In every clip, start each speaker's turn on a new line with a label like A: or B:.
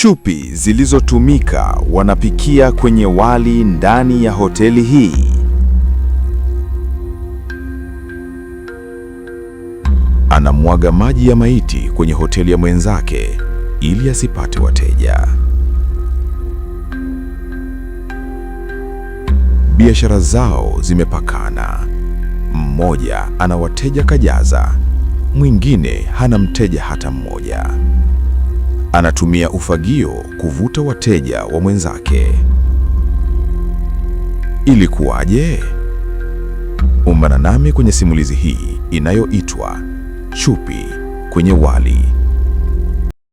A: Chupi zilizotumika wanapikia kwenye wali ndani ya hoteli hii. Anamwaga maji ya maiti kwenye hoteli ya mwenzake ili asipate wateja. Biashara zao zimepakana. Mmoja ana wateja kajaza, mwingine hana mteja hata mmoja anatumia ufagio kuvuta wateja wa mwenzake. Ilikuwaje? Umbana nami kwenye simulizi hii inayoitwa Chupi kwenye Wali.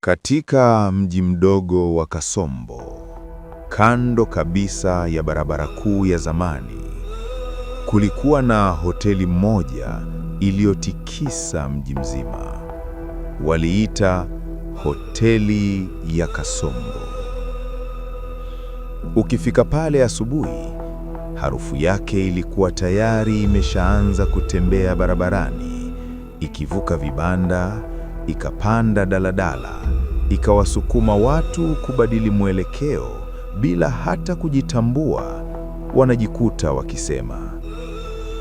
B: Katika mji mdogo wa Kasombo, kando kabisa ya barabara kuu ya zamani, kulikuwa na hoteli moja iliyotikisa mji mzima. Waliita Hoteli ya Kasombo. Ukifika pale asubuhi, harufu yake ilikuwa tayari imeshaanza kutembea barabarani, ikivuka vibanda, ikapanda daladala, ikawasukuma watu kubadili mwelekeo bila hata kujitambua. Wanajikuta wakisema,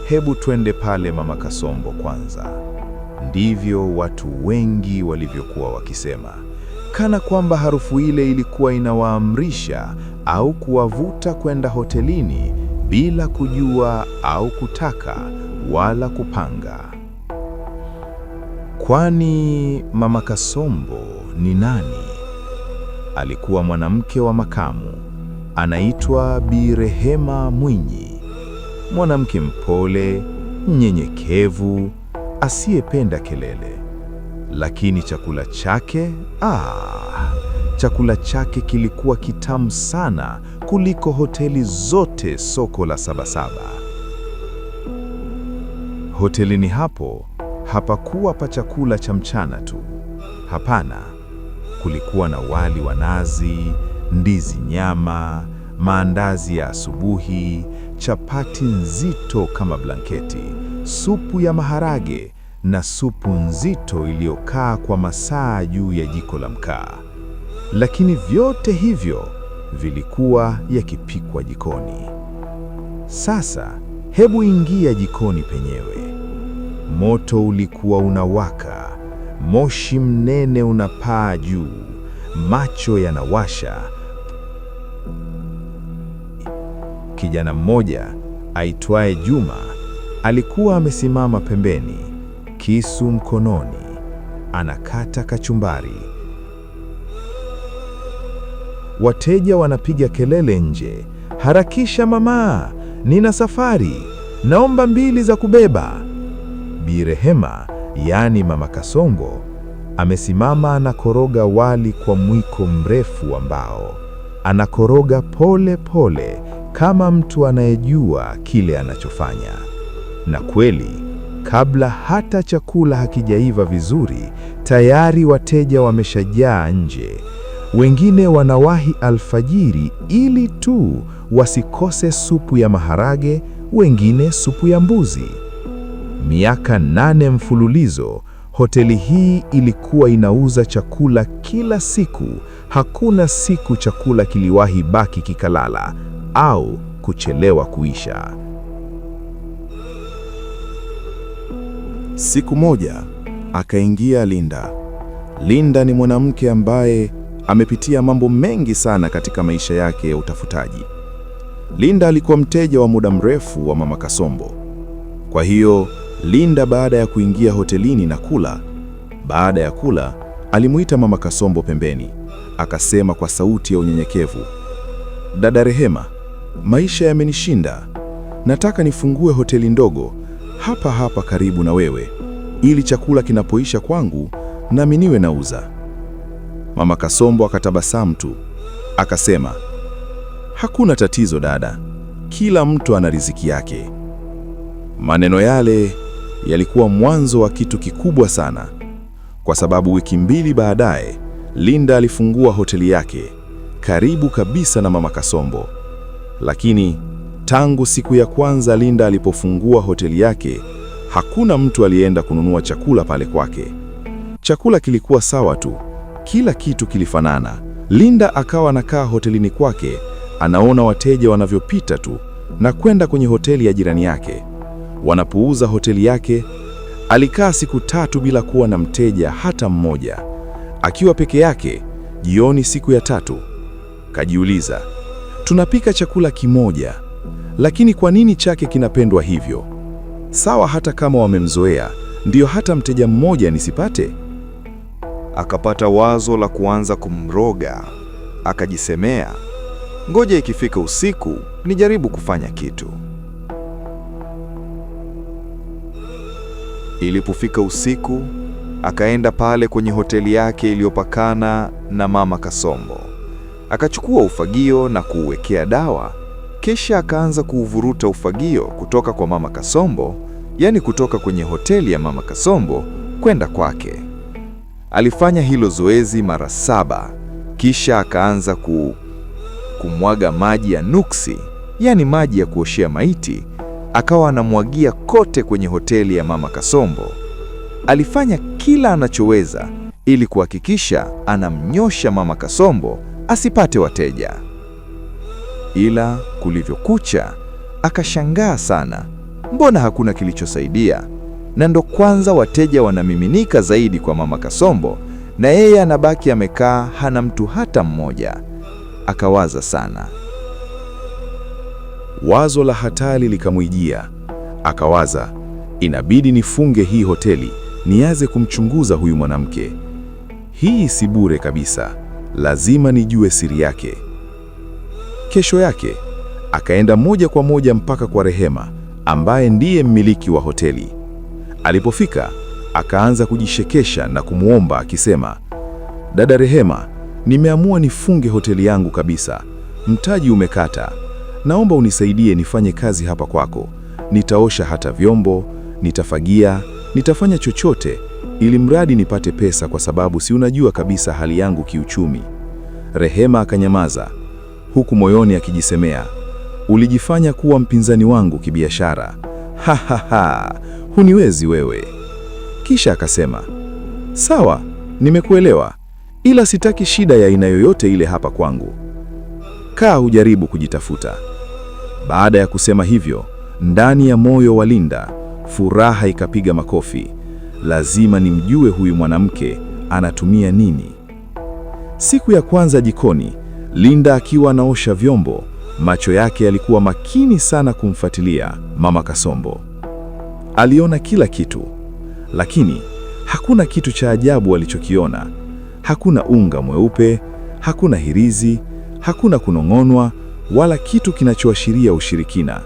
B: hebu twende pale Mama Kasombo kwanza. Ndivyo watu wengi walivyokuwa wakisema, kana kwamba harufu ile ilikuwa inawaamrisha au kuwavuta kwenda hotelini bila kujua au kutaka wala kupanga. Kwani Mama Kasombo ni nani? Alikuwa mwanamke wa makamu, anaitwa Bi Rehema Mwinyi, mwanamke mpole, mnyenyekevu asiyependa kelele. Lakini chakula chake, ah, chakula chake kilikuwa kitamu sana kuliko hoteli zote soko la Sabasaba. Hotelini hapo hapakuwa pa chakula cha mchana tu. Hapana, kulikuwa na wali wa nazi, ndizi nyama, maandazi ya asubuhi, chapati nzito kama blanketi supu ya maharage na supu nzito iliyokaa kwa masaa juu ya jiko la mkaa. Lakini vyote hivyo vilikuwa yakipikwa jikoni. Sasa hebu ingia jikoni penyewe. Moto ulikuwa unawaka, moshi mnene unapaa juu, macho yanawasha. Kijana mmoja aitwaye Juma Alikuwa amesimama pembeni, kisu mkononi, anakata kachumbari. Wateja wanapiga kelele nje, harakisha mama, nina safari, naomba mbili za kubeba. Bi Rehema, yaani mama Kasongo, amesimama anakoroga wali kwa mwiko mrefu wa mbao. Anakoroga pole pole kama mtu anayejua kile anachofanya. Na kweli, kabla hata chakula hakijaiva vizuri, tayari wateja wameshajaa nje. Wengine wanawahi alfajiri ili tu wasikose supu ya maharage, wengine supu ya mbuzi. Miaka nane mfululizo, hoteli hii ilikuwa inauza chakula kila siku. Hakuna siku chakula kiliwahi baki kikalala au kuchelewa kuisha. Siku moja akaingia Linda. Linda ni mwanamke ambaye amepitia mambo mengi sana katika maisha yake ya utafutaji. Linda alikuwa mteja wa muda mrefu wa Mama Kasombo. Kwa hiyo Linda baada ya kuingia hotelini na kula, baada ya kula alimuita Mama Kasombo pembeni, akasema kwa sauti ya unyenyekevu, Dada Rehema, maisha yamenishinda, nataka nifungue hoteli ndogo hapa hapa karibu na wewe, ili chakula kinapoisha kwangu nami niwe nauza. Mama Kasombo akatabasamu tu akasema, hakuna tatizo dada, kila mtu ana riziki yake. Maneno yale yalikuwa mwanzo wa kitu kikubwa sana, kwa sababu wiki mbili baadaye Linda alifungua hoteli yake karibu kabisa na Mama Kasombo, lakini Tangu siku ya kwanza Linda alipofungua hoteli yake, hakuna mtu aliyeenda kununua chakula pale kwake. Chakula kilikuwa sawa tu, kila kitu kilifanana. Linda akawa anakaa hotelini kwake, anaona wateja wanavyopita tu na kwenda kwenye hoteli ya jirani yake, wanapuuza hoteli yake. Alikaa siku tatu bila kuwa na mteja hata mmoja. Akiwa peke yake jioni, siku ya tatu, kajiuliza, tunapika chakula kimoja lakini kwa nini chake kinapendwa hivyo? Sawa, hata kama wamemzoea, ndiyo hata mteja mmoja nisipate? Akapata wazo la kuanza kumroga, akajisemea, ngoja ikifika usiku nijaribu kufanya kitu. Ilipofika usiku, akaenda pale kwenye hoteli yake iliyopakana na Mama Kasombo, akachukua ufagio na kuuwekea dawa kisha akaanza kuuvuruta ufagio kutoka kwa mama Kasombo, yaani kutoka kwenye hoteli ya mama Kasombo kwenda kwake. Alifanya hilo zoezi mara saba, kisha akaanza ku kumwaga maji ya nuksi, yaani maji ya kuoshea maiti, akawa anamwagia kote kwenye hoteli ya mama Kasombo. Alifanya kila anachoweza ili kuhakikisha anamnyosha mama Kasombo asipate wateja. Ila kulivyokucha akashangaa sana, mbona hakuna kilichosaidia? Na ndo kwanza wateja wanamiminika zaidi kwa mama Kasombo, na yeye anabaki amekaa, hana mtu hata mmoja. Akawaza sana. Wazo la hatari likamwijia, akawaza inabidi nifunge hii hoteli, nianze kumchunguza huyu mwanamke. Hii si bure kabisa, lazima nijue siri yake. Kesho yake akaenda moja kwa moja mpaka kwa Rehema ambaye ndiye mmiliki wa hoteli. Alipofika akaanza kujishekesha na kumwomba akisema, dada Rehema, nimeamua nifunge hoteli yangu kabisa, mtaji umekata. Naomba unisaidie nifanye kazi hapa kwako, nitaosha hata vyombo, nitafagia, nitafanya chochote ili mradi nipate pesa, kwa sababu si unajua kabisa hali yangu kiuchumi. Rehema akanyamaza huku moyoni akijisemea, ulijifanya kuwa mpinzani wangu kibiashara, ha ha ha, huniwezi wewe. Kisha akasema, sawa, nimekuelewa, ila sitaki shida ya aina yoyote ile hapa kwangu. Kaa hujaribu kujitafuta. Baada ya kusema hivyo, ndani ya moyo wa Linda furaha ikapiga makofi. Lazima nimjue huyu mwanamke anatumia nini. Siku ya kwanza jikoni, Linda akiwa anaosha vyombo, macho yake yalikuwa makini sana kumfuatilia Mama Kasombo. Aliona kila kitu, lakini hakuna kitu cha ajabu alichokiona. Hakuna unga mweupe, hakuna hirizi, hakuna kunong'onwa wala kitu kinachoashiria ushirikina.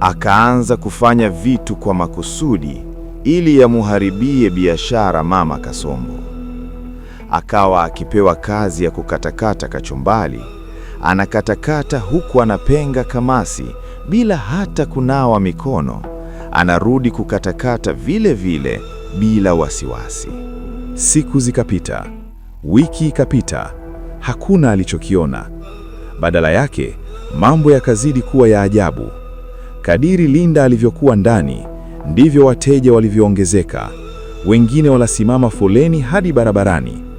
B: Akaanza kufanya vitu kwa makusudi ili yamuharibie biashara Mama Kasombo akawa akipewa kazi ya kukatakata kachumbali. Anakatakata huku anapenga kamasi bila hata kunawa mikono. Anarudi kukatakata vile vile bila wasiwasi. Siku zikapita, wiki ikapita, hakuna alichokiona. Badala yake mambo yakazidi kuwa ya ajabu. Kadiri Linda alivyokuwa ndani, ndivyo wateja walivyoongezeka. Wengine walasimama foleni hadi barabarani.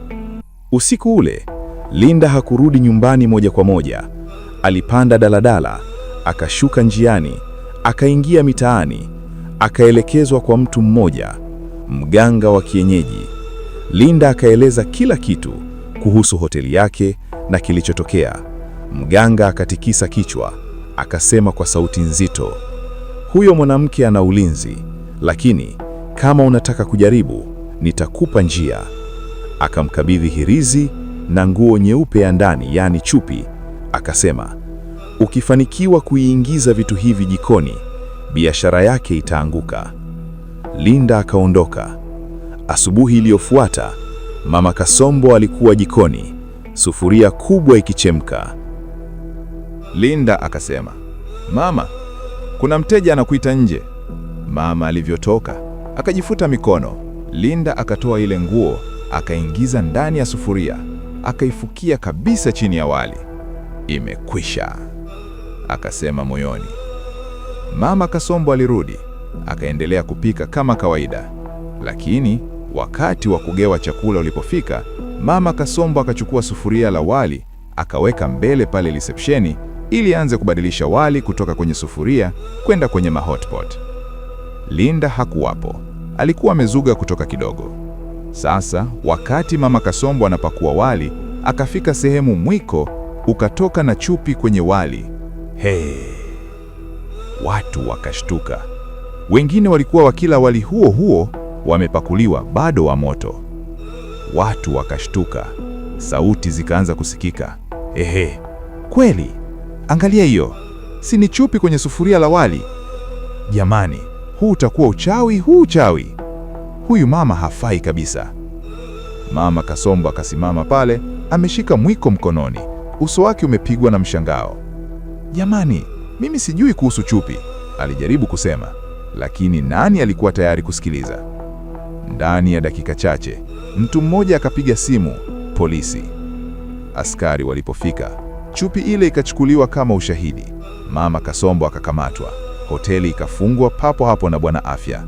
B: Usiku ule Linda hakurudi nyumbani moja kwa moja. Alipanda daladala, akashuka njiani, akaingia mitaani, akaelekezwa kwa mtu mmoja, mganga wa kienyeji. Linda akaeleza kila kitu kuhusu hoteli yake na kilichotokea. Mganga akatikisa kichwa, akasema kwa sauti nzito, huyo mwanamke ana ulinzi, lakini kama unataka kujaribu, nitakupa njia akamkabidhi hirizi na nguo nyeupe ya ndani, yaani chupi, akasema, ukifanikiwa kuiingiza vitu hivi jikoni, biashara yake itaanguka. Linda akaondoka. Asubuhi iliyofuata, mama Kasombo alikuwa jikoni, sufuria kubwa ikichemka. Linda akasema, mama, kuna mteja anakuita nje. Mama alivyotoka akajifuta mikono. Linda akatoa ile nguo akaingiza ndani ya sufuria, akaifukia kabisa chini ya wali. Imekwisha, akasema moyoni. Mama Kasombo alirudi, akaendelea kupika kama kawaida, lakini wakati wa kugewa chakula ulipofika, Mama Kasombo akachukua sufuria la wali akaweka mbele pale resepsheni ili aanze kubadilisha wali kutoka kwenye sufuria kwenda kwenye mahotpot. Linda hakuwapo, alikuwa amezuga kutoka kidogo. Sasa wakati mama Kasombo anapakua wali, akafika sehemu mwiko ukatoka na chupi kwenye wali. He, watu wakashtuka. Wengine walikuwa wakila wali huo huo wamepakuliwa bado wa moto. Watu wakashtuka, sauti zikaanza kusikika. Ehe, kweli! Angalia hiyo, si ni chupi kwenye sufuria la wali? Jamani, huu utakuwa uchawi, huu uchawi! huyu mama hafai kabisa. Mama Kasombo akasimama pale, ameshika mwiko mkononi, uso wake umepigwa na mshangao. Jamani, mimi sijui kuhusu chupi, alijaribu kusema, lakini nani alikuwa tayari kusikiliza? Ndani ya dakika chache, mtu mmoja akapiga simu polisi. Askari walipofika, chupi ile ikachukuliwa kama ushahidi. Mama Kasombo akakamatwa, hoteli ikafungwa papo hapo na bwana afya.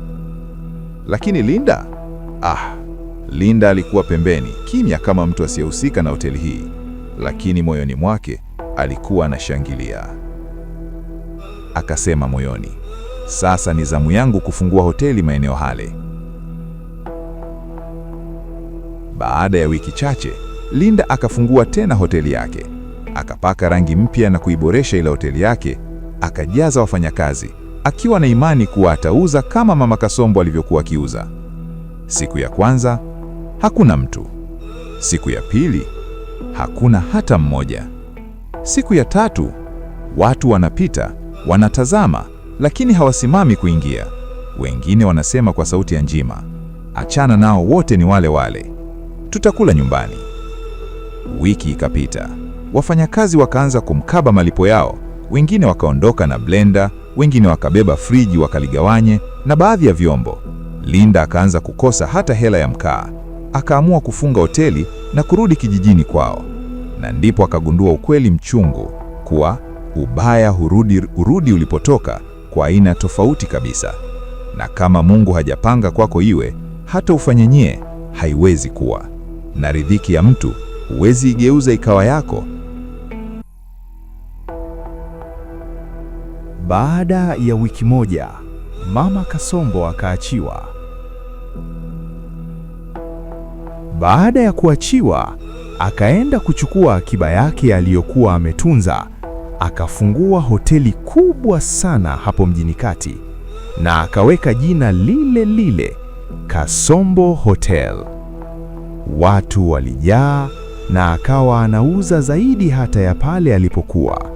B: Lakini Linda? Ah, Linda alikuwa pembeni, kimya kama mtu asiyehusika na hoteli hii, lakini moyoni mwake alikuwa anashangilia. Akasema moyoni, sasa ni zamu yangu kufungua hoteli maeneo hale. Baada ya wiki chache, Linda akafungua tena hoteli yake, akapaka rangi mpya na kuiboresha ile hoteli yake, akajaza wafanyakazi akiwa na imani kuwa atauza kama mama Kasombo alivyokuwa akiuza. Siku ya kwanza hakuna mtu, siku ya pili hakuna hata mmoja, siku ya tatu watu wanapita, wanatazama, lakini hawasimami kuingia. Wengine wanasema kwa sauti ya njima, achana nao, wote ni wale wale, tutakula nyumbani. Wiki ikapita, wafanyakazi wakaanza kumkaba malipo yao, wengine wakaondoka na blenda wengine wakabeba friji wakaligawanye na baadhi ya vyombo. Linda akaanza kukosa hata hela ya mkaa, akaamua kufunga hoteli na kurudi kijijini kwao, na ndipo akagundua ukweli mchungu kuwa ubaya hurudi, urudi ulipotoka kwa aina tofauti kabisa, na kama Mungu hajapanga kwako iwe, hata ufanyenyie haiwezi kuwa, na ridhiki ya mtu huwezi igeuza ikawa yako Baada ya wiki moja, mama Kasombo akaachiwa. Baada ya kuachiwa, akaenda kuchukua akiba yake aliyokuwa ametunza, akafungua hoteli kubwa sana hapo mjini kati na akaweka jina lile lile Kasombo Hotel. Watu walijaa na akawa anauza zaidi hata ya pale alipokuwa.